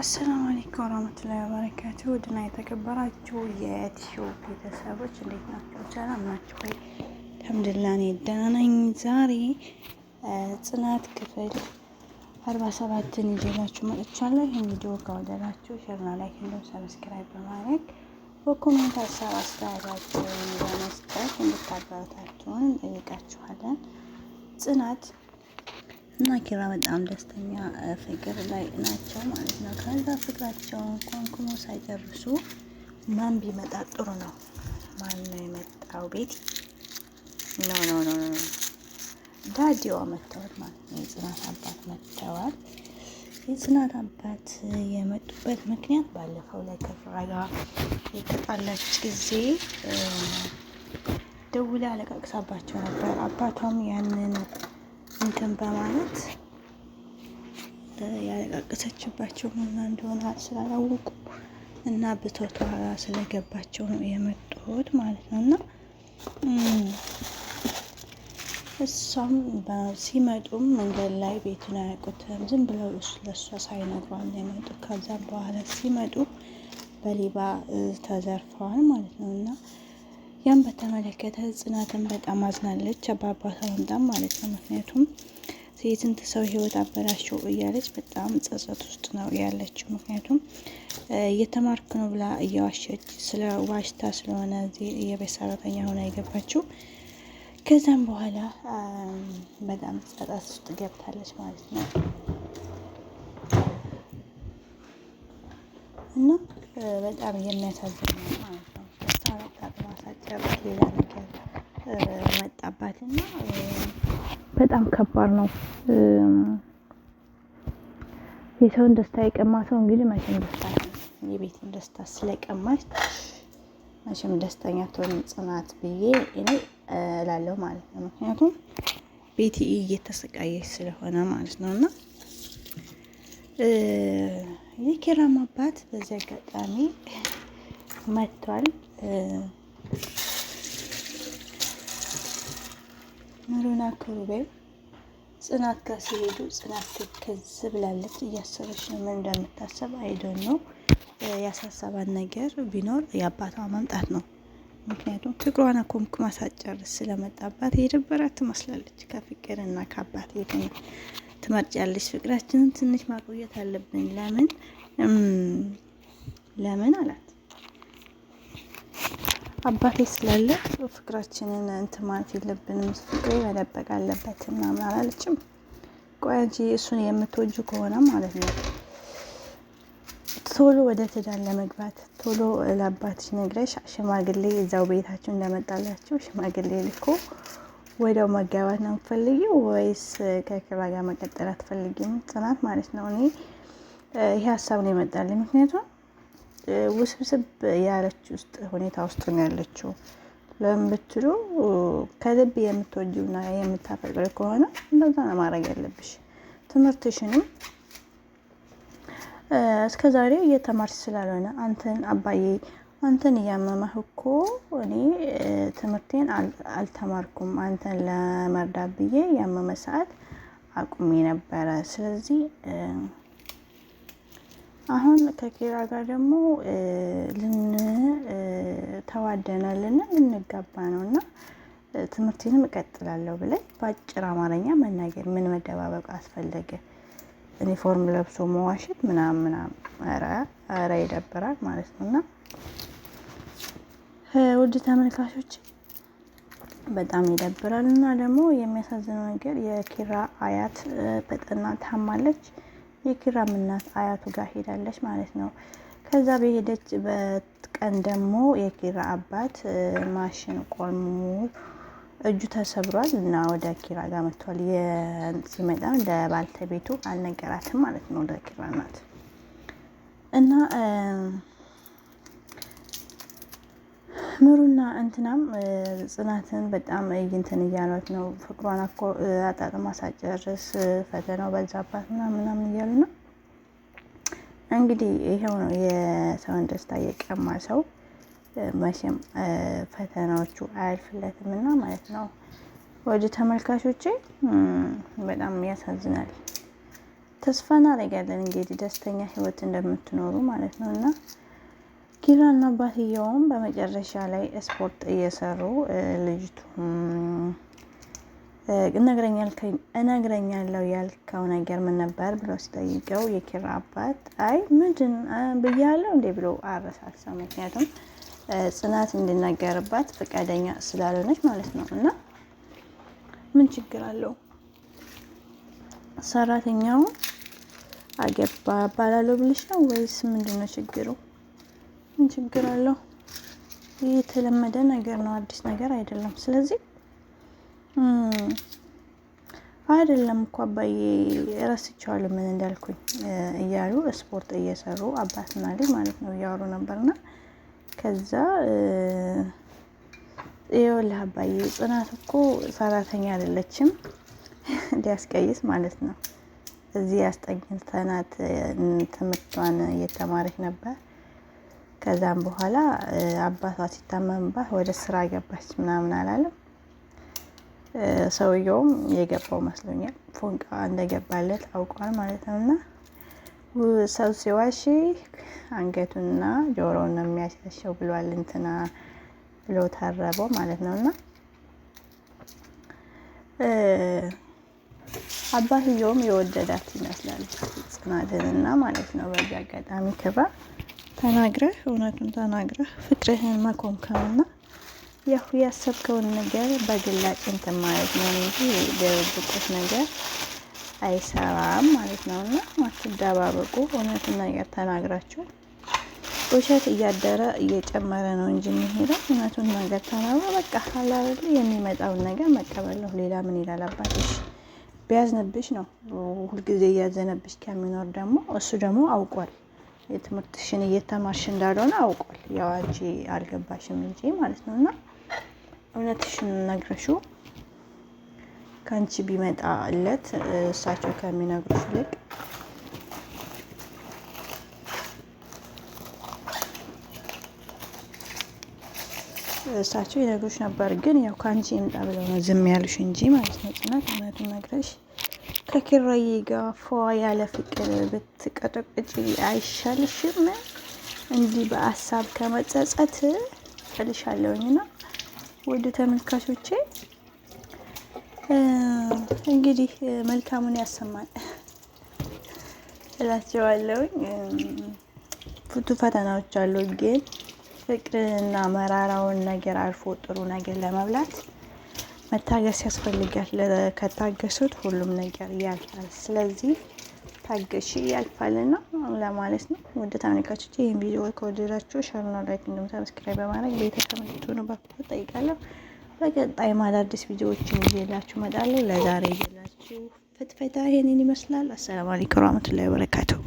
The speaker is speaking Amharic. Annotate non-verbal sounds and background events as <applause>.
አሰላሙ አለይኩም ወራህመቱላሂ ወበረካቱ ውድና የተከበራችሁ የኢትዮ ቤተሰቦች እንዴት ናችሁ? ሰላም ናችሁ ወይ? አልሐምዱሊላህ እኔ ደህና ነኝ። ዛሬ ጽናት ክፍል አርባ ሰባትን ይዤላችሁ መጥቻለሁ። ይህን ቪዲዮ ከወደዳችሁ ሼርና ላይክ እንዲሁም ሰብስክራይብ በማድረግ በኮሜንት ሀሳብ አስተያየታችሁን በመስጠት እንድታበረታችሁን እንጠይቃችኋለን። ጽናት እና ኪራ በጣም ደስተኛ ፍቅር ላይ ናቸው ማለት ነው። ከዛ ፍቅራቸውን ኮንኩኖ ሳይጨርሱ ማን ቢመጣ ጥሩ ነው? ማን ነው የመጣው? ቤት ኖ ኖ ኖ ኖ ዳዲዋ መጥተዋል ማለት ነው። የጽናት አባት መጥተዋል። የጽናት አባት የመጡበት ምክንያት ባለፈው ላይ ከፍራ ጋር የተጣላች ጊዜ ደውላ አለቃቅሳባቸው ነበር። አባቷም ያንን እንትን በማለት ያለቃቀሰችባቸው እና እንደሆነ ስላላወቁ እና ብተቷ ስለገባቸው ነው የመጡት ማለት ነው። እና እሷም ሲመጡም መንገድ ላይ ቤቱን አያውቁትም። ዝም ብለው ለእሷ ሳይነግሯን የመጡ ከዛም በኋላ ሲመጡ በሌባ ተዘርፈዋል ማለት ነው እና ያን በተመለከተ ጽናትን በጣም አዝናለች። አባባሳ ወንዳም ማለት ነው። ምክንያቱም የስንት ሰው ህይወት አበላሸው እያለች በጣም ጸጸት ውስጥ ነው ያለችው። ምክንያቱም እየተማርክ ነው ብላ እየዋሸች ስለ ዋሽታ ስለሆነ የቤት ሰራተኛ ሆና የገባችው ከዛም በኋላ በጣም ጸጸት ውስጥ ገብታለች ማለት ነው እና በጣም የሚያሳዝን ነው ማለት ነው። ሌላ ነገር መጣባት እና በጣም ከባድ ነው። የሰውን ደስታ የቀማ ሰው እንግዲህ መቼም ደስታ የቤትን ደስታ ስለቀማች መቼም ደስተኛ ትሆን ጽናት ብዬ እኔ እላለሁ ማለት ነው። ምክንያቱም ቤቲ እየተሰቃየች ስለሆነ ማለት ነው እና የኪራም አባት በዚህ አጋጣሚ መጥቷል። ምሩና ክሩቤል ጽናት ጋር ሲሄዱ ጽናት ትክዝ ብላለች። እያሰበች ነው ምን እንደምታሰብ አይዶን ነው። ያሳሰባት ነገር ቢኖር የአባቷ መምጣት ነው። ምክንያቱም ትግሯን አኮምኩ ሳትጨርስ ስለመጣባት የደበራት ትመስላለች። ከፍቅርና ከአባት የትኛው ትመርጫለች? ፍቅራችንን ትንሽ ማቆየት አለብን። ለምን ለምን አላት አባቴ ስላለ ፍቅራችንን እንትን ማለት የለብንም። ፍቅሬ መደበቅ አለበት ምናምን አላለችም። ቆይ አንቺ እሱን የምትወጁ ከሆነ ማለት ነው ቶሎ ወደ ትዳር ለመግባት ቶሎ ለአባትሽ ነግረሽ ሽማግሌ እዛው ቤታችሁ እንደመጣላችሁ ሽማግሌ ልኮ ወደው መጋባት ነው የምትፈልጊው ወይስ ከክራ ጋር መቀጠል አትፈልጊም? ጽናት ማለት ነው። እኔ ይሄ ሀሳብ ነው ይመጣልኝ ምክንያቱም ውስብስብ ያለች ውስጥ ሁኔታ ውስጥ ነው ያለችው ለምትሉ ከልብ የምትወጂውና የምታፈቅሪ ከሆነ እንደዛ ነው ማድረግ ያለብሽ። ትምህርትሽንም እስከ ዛሬ እየተማርሽ ስላልሆነ አንተን አባዬ አንተን እያመመህ እኮ እኔ ትምህርቴን አልተማርኩም አንተን ለመርዳት ብዬ ያመመ ሰዓት አቁሜ ነበረ። ስለዚህ አሁን ከኪራ ጋር ደግሞ ልንተዋደናል እና ልንጋባ ነው እና ትምህርቴንም እቀጥላለሁ ብላይ በአጭር አማርኛ መናገር ምን መደባበቅ አስፈለገ? ዩኒፎርም ለብሶ መዋሸት ምናምን ምናምን፣ ኧረ ይደብራል ማለት ነው። እና ውድ ተመልካቾች በጣም ይደብራል። እና ደግሞ የሚያሳዝነው ነገር የኪራ አያት በጠና ታማለች። የኪራም እናት አያቱ ጋር ሄዳለች ማለት ነው። ከዛ በሄደች በቀን ደግሞ የኪራ አባት ማሽን ቆልሙ እጁ ተሰብሯል እና ወደ ኪራ ጋር መጥቷል። ሲመጣ ለባልተቤቱ አልነገራትም ማለት ነው ለኪራ እናት እና ምሩና እንትናም ጽናትን በጣም እይንትን እያሏት ነው። ፍቅሯን እኮ አጣጥማ ሳጨርስ ፈተናው በዛባት ምናምን ምናምን እያሉ ነው። እንግዲህ ይሄው ነው የሰውን ደስታ የቀማ ሰው መቼም ፈተናዎቹ አያልፍለትም እና ማለት ነው። ወደ ተመልካቾቼ በጣም ያሳዝናል። ተስፋ እናደርጋለን እንግዲህ ደስተኛ ህይወት እንደምትኖሩ ማለት ነው እና ኪራና አባትየውም በመጨረሻ ላይ ስፖርት እየሰሩ ልጅቱ እነግረኛለው ያልከው ነገር ምን ነበር ብሎ ሲጠይቀው የኪራ አባት አይ ምንድን ብያለው እንዴ ብሎ አረሳሳው። ምክንያቱም ጽናት እንዲናገርባት ፈቃደኛ ስላልሆነች ማለት ነው። እና ምን ችግር አለው ሰራተኛው አገባ ባላለው ብልሽ ነው ወይስ ምንድን ነው ችግሩ? ምን ችግር አለው? ይህ የተለመደ ነገር ነው፣ አዲስ ነገር አይደለም። ስለዚህ አይደለም እኮ አባዬ ረስቼዋለሁ ምን እንዳልኩኝ እያሉ ስፖርት እየሰሩ አባትና ልጅ ማለት ነው እያወሩ ነበርና ከዛ ይኸውልህ አባዬ ጽናት እኮ ሰራተኛ አይደለችም፣ <laughs> ሊያስቀይስ ማለት ነው። እዚህ ያስጠኝተናት ትምህርቷን እየተማረች ነበር ከዛም በኋላ አባቷ ሲታመምባት ወደ ስራ ገባች ምናምን አላለም። ሰውየውም የገባው መስሎኛል። ፎንቃ እንደገባለት አውቋል ማለት ነው። እና ሰው ሲዋሺ አንገቱንና ጆሮውን ነው የሚያሻሸው ብሏል እንትና ብሎ ታረበው ማለት ነው። እና አባትየውም የወደዳት ይመስላል ጽናትንና ማለት ነው። በዚህ አጋጣሚ ክብራ ተናግረህ እውነቱን ተናግረህ ፍቅርህን መኮምከምና ያሁ ያሰብከውን ነገር በግላጭ እንትን ማለት ነው እንጂ ደብቁት ነገር አይሰራም ማለት ነው። እና አትደባበቁ። እውነቱን ነገር ተናግራችሁ ውሸት እያደረ እየጨመረ ነው እንጂ የሚሄደው እውነቱን ነገር ተናግሮ በቃ ሀላሉ የሚመጣውን ነገር መቀበለሁ። ሌላ ምን ይላል አባትሽ? ቢያዝንብሽ ነው ሁልጊዜ እያዘነብሽ ከሚኖር ደግሞ እሱ ደግሞ አውቋል የትምህርትሽን እየተማርሽ እንዳልሆነ አውቋል። ያው አንቺ አልገባሽም እንጂ ማለት ነው። እና እውነትሽን ነግረሽው ከአንቺ ቢመጣለት እሳቸው ከሚነግሩሽ ይልቅ እሳቸው ይነግሩሽ ነበር፣ ግን ያው ከአንቺ ይምጣ ብለው ነው ዝም ያሉሽ እንጂ ማለት ነው። ጽናት እውነቱን ነግረሽ ከኪራዬ ጋር ፏ ያለ ፍቅር ብትቀጠቅጭ አይሻልሽም? እንዲህ በአሳብ ከመጸጸት ነው። ወደ ተመልካቾቼ እንግዲህ መልካሙን ያሰማል እላቸዋለውኝ። ብዙ ፈተናዎች አሉ፣ ግን ፍቅርና መራራውን ነገር አልፎ ጥሩ ነገር ለመብላት መታገስ ያስፈልጋል። ከታገሱት ሁሉም ነገር ያልፋል። ስለዚህ ታገሺ ያልፋልና ለማለት ነው። ወደ ተመልካቾች ይህን ቪዲዮ ከወደዳችሁ ሸርና ላይክ እንዲሁም ሰብስክራይብ በማድረግ ቤተሰብ እንድትሆኑ በአክብሮት እጠይቃለሁ። በቀጣይ አዳዲስ ቪዲዮዎችን ይዤላችሁ እመጣለሁ። ለዛሬ ይዤላችሁ ፍትፈታ ይሄንን ይመስላል። አሰላሙ አለይኩም ወራህመቱላሂ ወበረካቱሁ።